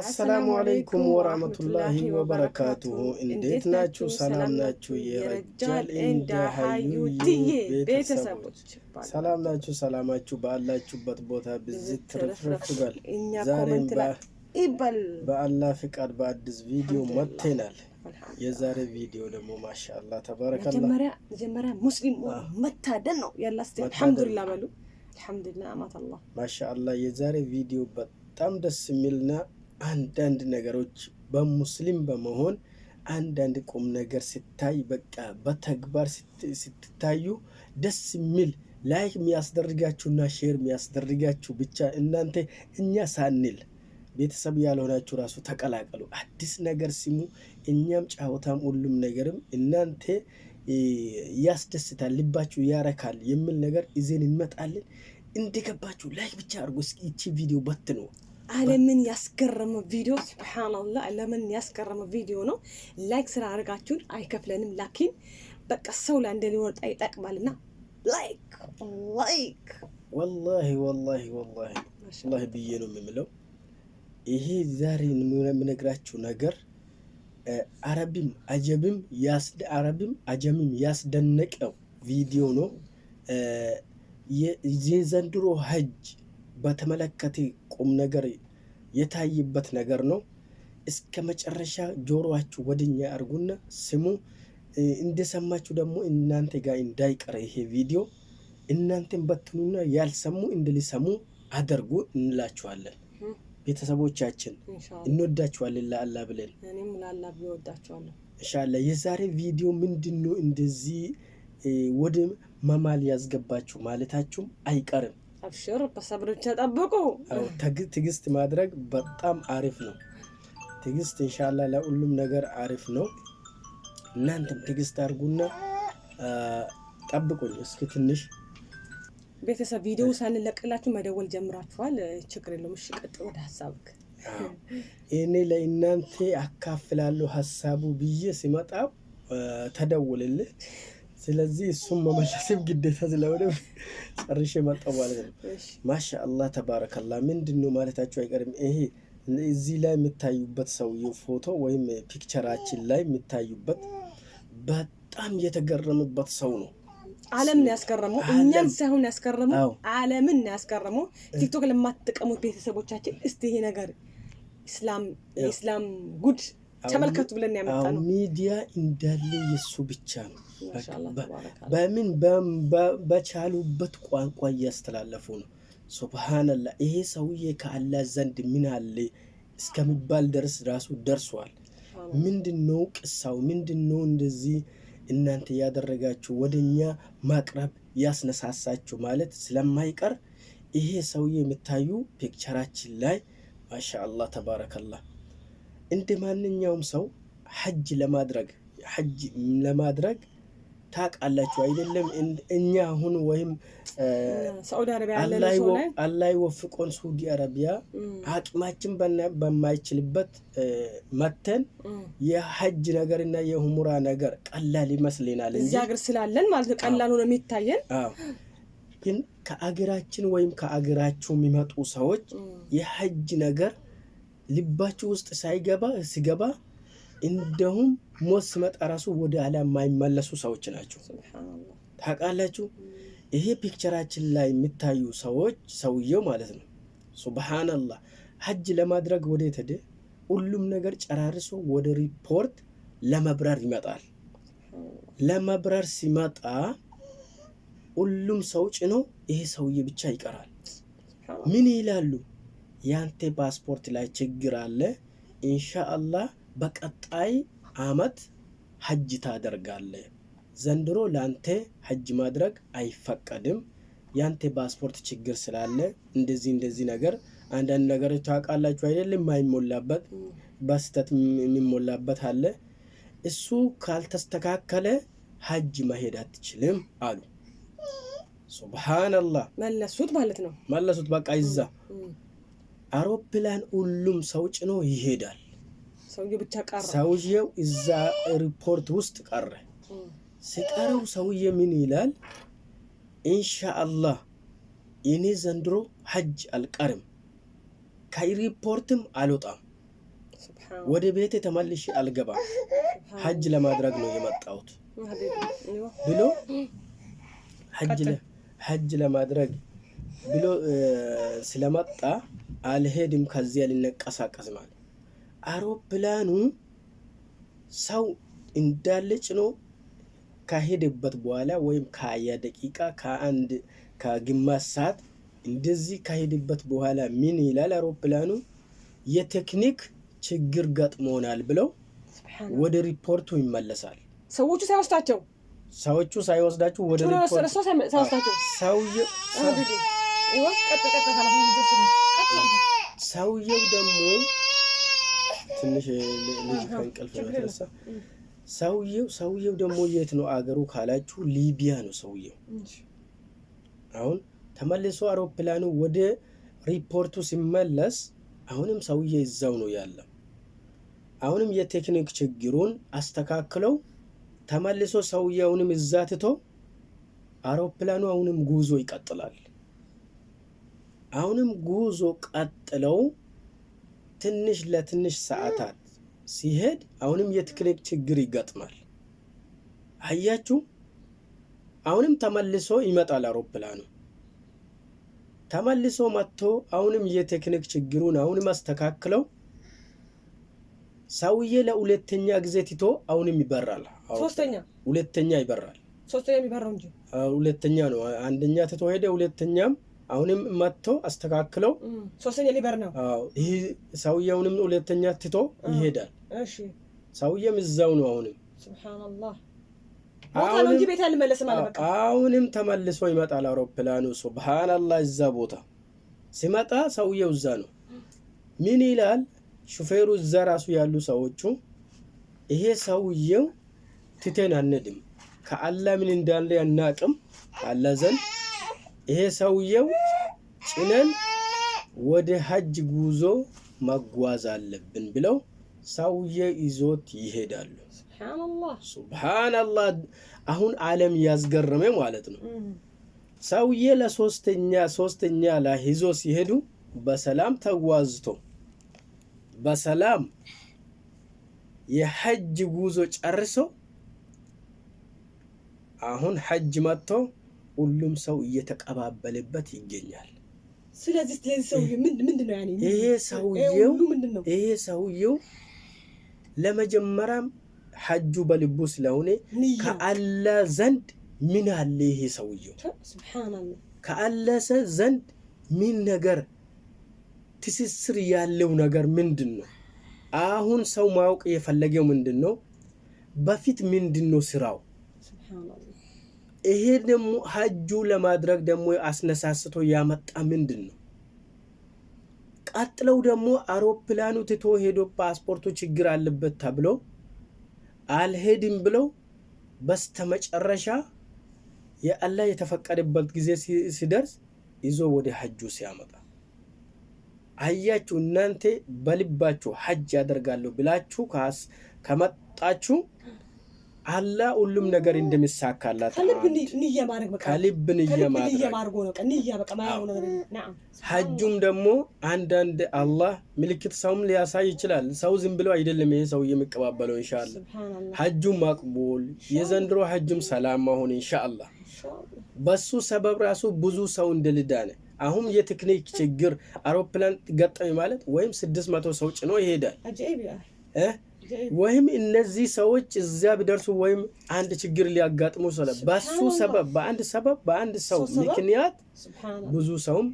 አሰላሙ አለይኩም ወራህመቱላሂ ወበረካቱሁ። እንዴት ናችሁ? ሰላም ናችሁ? የረጃል እንደ ሀዩ ቤተሰቦች ሰላም ናችሁ? ሰላማችሁ ባላችሁበት ቦታ ብዝት ትርፍርፍ ይበል። ዛሬም በአላህ ፍቃድ በአዲስ ቪዲዮ መጥተናል። የዛሬ ቪዲዮ ደግሞ ማሻአላህ ተባረከላ። መጀመሪያ ሙስሊም መታደል ነው ያላስ። አልሐምዱሊላ በሉ። አልሐምዱሊላ አማት አላህ ማሻአላህ። የዛሬ ቪዲዮ በጣም ደስ የሚልና አንዳንድ ነገሮች በሙስሊም በመሆን አንዳንድ ቁም ነገር ሲታይ በቃ በተግባር ስትታዩ ደስ የሚል ላይክ የሚያስደርጋችሁና ሼር የሚያስደርጋችሁ ብቻ እናንተ እኛ ሳንል ቤተሰብ ያልሆናችሁ ራሱ ተቀላቀሉ። አዲስ ነገር ሲሙ እኛም ጫወታም ሁሉም ነገርም እናንተ ያስደስታል፣ ልባችሁ ያረካል የሚል ነገር ይዘን እንመጣለን። እንደገባችሁ ላይክ ብቻ አድርጎ እስኪ ይቺ ቪዲዮ በትነው አለምን ያስገረመ ቪዲዮ ስብሓናላ፣ አለምን ያስገረመ ቪዲዮ ነው። ላይክ ስራ አድርጋችሁን አይከፍለንም፣ ላኪን በቃ ሰው ላይ እንደ ሊወጣ ይጠቅማልና ላይክ ላይክ። ወላሂ ወላሂ ወላሂ ወላሂ ብዬ ነው የምለው። ይሄ ዛሬ የምነግራችሁ ነገር አረብም አጀብም አረቢም አጀምም ያስደነቀው ቪዲዮ ነው። የዘንድሮ ሀጅ በተመለከተ ቁም ነገር የታይበት ነገር ነው። እስከ መጨረሻ ጆሮችሁ ወደኛ አርጉና ስሙ። እንደሰማችሁ ደግሞ እናንተ ጋር እንዳይቀረ ይሄ ቪዲዮ እናንተን በትኑና ያልሰሙ እንድሊሰሙ አደርጉ እንላችኋለን። ቤተሰቦቻችን እንወዳችኋለን። ለአላ ብለን እኔም ለአላ ብዬ ወዳችኋለሁ። የዛሬ ቪዲዮ ምንድን ነው እንደዚህ ወደ መማል ያስገባችሁ ማለታችሁም አይቀርም። አብሽር፣ በሰብር ጠብቁ ትግስት ማድረግ በጣም አሪፍ ነው። ትግስት እንሻላ ለሁሉም ነገር አሪፍ ነው። እናንተም ትግስት አድርጉና ጠብቁኝ እስኪ ትንሽ ቤተሰብ ቪዲዮ ሳንለቅላችሁ መደወል ጀምራችኋል። ችግር የለውም። እሺ ቀጥ ወደ ሀሳብክ እኔ ለእናንተ አካፍላለሁ ሀሳቡ ብዬ ሲመጣ ተደውልልህ ስለዚህ እሱም መመለስም ግዴታ ስለሆነ ጨርሼ መጣሁ ማለት ነው። ማሻአላህ ተባረከላ ምንድን ነው ማለታቸው አይቀርም። ይሄ እዚህ ላይ የሚታዩበት ሰውዬው ፎቶ ወይም ፒክቸራችን ላይ የሚታዩበት በጣም የተገረምበት ሰው ነው። ዓለምን ያስገረመው እኛን ሳይሆን ያስገረመው ዓለምን ያስገረመው። ቲክቶክ ለማትጠቀሙት ቤተሰቦቻችን እስቲ ይሄ ነገር ኢስላም ጉድ ተመልከቱ ብለን ነው። ሚዲያ እንዳለ የእሱ ብቻ ነው። በምን በቻሉበት ቋንቋ እያስተላለፉ ነው። ሱብሃነላ ይሄ ሰውዬ ከአላ ዘንድ ምን አለ እስከሚባል ደርስ ራሱ ደርሷል። ምንድን ነው ቅሳው? ምንድን ነው እንደዚህ እናንተ ያደረጋችሁ ወደ ማቅረብ ያስነሳሳችሁ ማለት ስለማይቀር ይሄ ሰውዬ የሚታዩ ፒክቸራችን ላይ ማሻ አላህ ተባረከላህ እንደ ማንኛውም ሰው ሐጅ ለማድረግ ሐጅ ለማድረግ ታውቃላችሁ አይደለም? እኛ አሁን ወይም አላህ ወፍቆን ሳውዲ አረቢያ አቅማችን በማይችልበት መተን የሐጅ ነገር እና የሁሙራ ነገር ቀላል ይመስልናል። እዚህ ሀገር ስላለን ማለት ነው ቀላል ሆነ የሚታየን። ግን ከአገራችን ወይም ከአገራችሁ የሚመጡ ሰዎች የሐጅ ነገር ልባችሁ ውስጥ ሳይገባ ሲገባ እንደውም ሞት ሲመጣ ራሱ ወደ ኋላ የማይመለሱ ሰዎች ናቸው። ታውቃላችሁ፣ ይሄ ፒክቸራችን ላይ የሚታዩ ሰዎች ሰውየው ማለት ነው። ሱብሃነላህ ሀጅ ለማድረግ ወደ የተደ ሁሉም ነገር ጨራርሶ ወደ ሪፖርት ለመብረር ይመጣል። ለመብረር ሲመጣ ሁሉም ሰው ጭኖ ይሄ ሰውዬ ብቻ ይቀራል። ምን ይላሉ? ያንተ ፓስፖርት ላይ ችግር አለ። ኢንሻአላህ በቀጣይ አመት ሀጅ ታደርጋለ ዘንድሮ ለአንተ ሀጅ ማድረግ አይፈቀድም። ያንተ ፓስፖርት ችግር ስላለ እንደዚህ እንደዚህ ነገር አንዳንድ ነገሮች ታውቃላችሁ አይደለም? የማይሞላበት በስተት የሚሞላበት አለ። እሱ ካልተስተካከለ ሀጅ መሄድ አትችልም አሉ። ሱብሃነላህ መለሱት ማለት ነው። መለሱት በቃ ይዛ አውሮፕላን ሁሉም ሰው ጭኖ ይሄዳል። ሰውየው እዛ ሪፖርት ውስጥ ቀረ። ሲቀረው ሰውዬ ምን ይላል? ኢንሻአላህ እኔ ዘንድሮ ሐጅ አልቀርም፣ ከሪፖርትም አልወጣም፣ ወደ ቤት ተመልሽ አልገባም፣ ሐጅ ለማድረግ ነው የመጣሁት ብሎ ሐጅ ለማድረግ ብሎ ስለመጣ አልሄድም ከዚያ ልንቀሳቀስ ማለት አውሮፕላኑ ሰው እንዳለ ጭኖ ከሄደበት በኋላ ወይም ከሀያ ደቂቃ ከአንድ ከግማሽ ሰዓት እንደዚህ ከሄደበት በኋላ ምን ይላል አውሮፕላኑ የቴክኒክ ችግር ገጥሞናል ብለው ወደ ሪፖርቱ ይመለሳል። ሰዎቹ ሳይወስዳቸው ሰዎቹ ሳይወስዳቸው ወደ ሪፖርቱ ሰውዬ ሰውየው ደግሞ ትንሽ ልጅ ከእንቅልፍ የተነሳ ሰውየው ሰውየው ደግሞ የት ነው አገሩ ካላችሁ ሊቢያ ነው ሰውየው። አሁን ተመልሶ አውሮፕላኑ ወደ ሪፖርቱ ሲመለስ አሁንም ሰውዬ እዛው ነው ያለ። አሁንም የቴክኒክ ችግሩን አስተካክለው ተመልሶ ሰውየውንም እዛ ትቶ አውሮፕላኑ አሁንም ጉዞ ይቀጥላል። አሁንም ጉዞ ቀጥለው ትንሽ ለትንሽ ሰዓታት ሲሄድ አሁንም የትክሌክ ችግር ይገጥማል። አያችሁ፣ አሁንም ተመልሶ ይመጣል አውሮፕላኑ። ተመልሶ መጥቶ አሁንም የቴክኒክ ችግሩን አሁንም አስተካክለው ሰውዬ ለሁለተኛ ጊዜ ትቶ አሁንም ይበራል። ሶስተኛ ሁለተኛ ይበራል። ሶስተኛ የሚበራው እንጂ ሁለተኛ ነው። አንደኛ ትቶ ሄደ፣ ሁለተኛም አሁንም መጥቶ አስተካክለው ሶስተኛ ሊበር ነው። አዎ ይህ ሰውየውንም ሁለተኛ ትቶ ይሄዳል። እሺ ሰውየም እዛው ነው። አሁንም ሱብሃንአላህ አሁንም ተመልሶ ይመጣል አውሮፕላኑ። ሱብሃንአላህ እዛ ቦታ ሲመጣ ሰውየው እዛ ነው። ምን ይላል ሹፌሩ? እዛ ራሱ ያሉ ሰዎቹ ይሄ ሰውየው ትቴን አንድም ከአላ ምን እንዳለ ያናቅም አላ ዘንድ ይሄ ሰውየው ጭነን ወደ ሀጅ ጉዞ መጓዝ አለብን ብለው ሰውዬ ይዞት ይሄዳሉ። ሱብሃነላህ። አሁን ዓለም ያስገረመ ማለት ነው። ሰውዬ ለሶስተኛ ሶስተኛ ላይ ይዞ ሲሄዱ በሰላም ተጓዝቶ በሰላም የሐጅ ጉዞ ጨርሶ አሁን ሐጅ መጥቶ ሁሉም ሰው እየተቀባበለበት ይገኛል። ስለዚህ ለዚህ ሰውዬው ምንድን ነው ያኔ ይሄ ሰውዬው ምንድን ነው ይሄ ሰውዬው ለመጀመሪያም ሐጁ በልቡ ስለሆነ ከአላ ዘንድ ምን አለ ይሄ ሰውዬው ከአላ ዘንድ ምን ነገር ትስስር ያለው ነገር ምንድን ነው? አሁን ሰው ማወቅ የፈለገው ምንድን ነው? በፊት ምንድን ነው ስራው? ይሄ ደግሞ ሀጁ ለማድረግ ደግሞ አስነሳስቶ ያመጣ ምንድን ነው? ቀጥለው ደግሞ አውሮፕላኑ ትቶ ሄዶ ፓስፖርቱ ችግር አለበት ተብሎ አልሄድም ብለው በስተመጨረሻ የአላህ የተፈቀደበት ጊዜ ሲደርስ ይዞ ወደ ሀጁ ሲያመጣ አያችሁ። እናንተ በልባችሁ ሀጅ ያደርጋለሁ ብላችሁ ከመጣችሁ አላ ሁሉም ነገር እንደሚሳካላት ከልብ ንያ ማድረግ። ሐጁም ደግሞ አንዳንድ አላህ ምልክት ሰውም ሊያሳይ ይችላል። ሰው ዝም ብለው አይደለም ይሄ ሰው የሚቀባበለው። እንሻላ ሐጁ ማቅቡል፣ የዘንድሮ ሀጁም ሰላም መሆን እንሻላ። በሱ ሰበብ ራሱ ብዙ ሰው እንደልዳነ አሁን የቴክኒክ ችግር አውሮፕላን ገጠሚ ማለት ወይም ስድስት መቶ ሰው ጭኖ ይሄዳል ወይም እነዚህ ሰዎች እዚያ ቢደርሱ ወይም አንድ ችግር ሊያጋጥሙ ስለ በሱ ሰበብ በአንድ ሰበብ በአንድ ሰው ምክንያት ብዙ ሰውም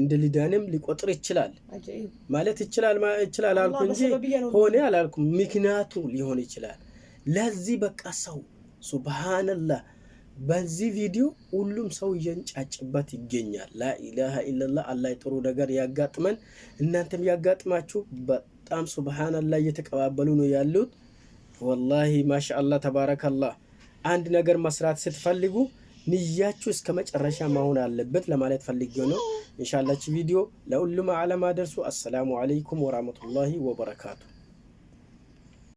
እንደ ሊዳንም ሊቆጥር ይችላል ማለት ይችላል ይችላል አልኩ እንጂ ሆነ አላልኩ። ምክንያቱ ሊሆን ይችላል። ለዚህ በቃ ሰው ሱብሃነላህ በዚህ ቪዲዮ ሁሉም ሰው እየንጫጭበት ይገኛል። ላኢላሃ ኢለላህ። አላህ ጥሩ ነገር ያጋጥመን፣ እናንተም ያጋጥማችሁ። በጣም ሱብሃነላህ እየተቀባበሉ ነው ያሉት። ወላሂ ማሻአላህ ተባረከላህ። አንድ ነገር መስራት ስትፈልጉ ንያችሁ እስከ መጨረሻ መሆን አለበት ለማለት ፈልጌ ነው። ኢንሻላች ቪዲዮ ለሁሉም ዓለም አደርሱ። አሰላሙ አለይኩም ወራህመቱላሂ ወበረካቱ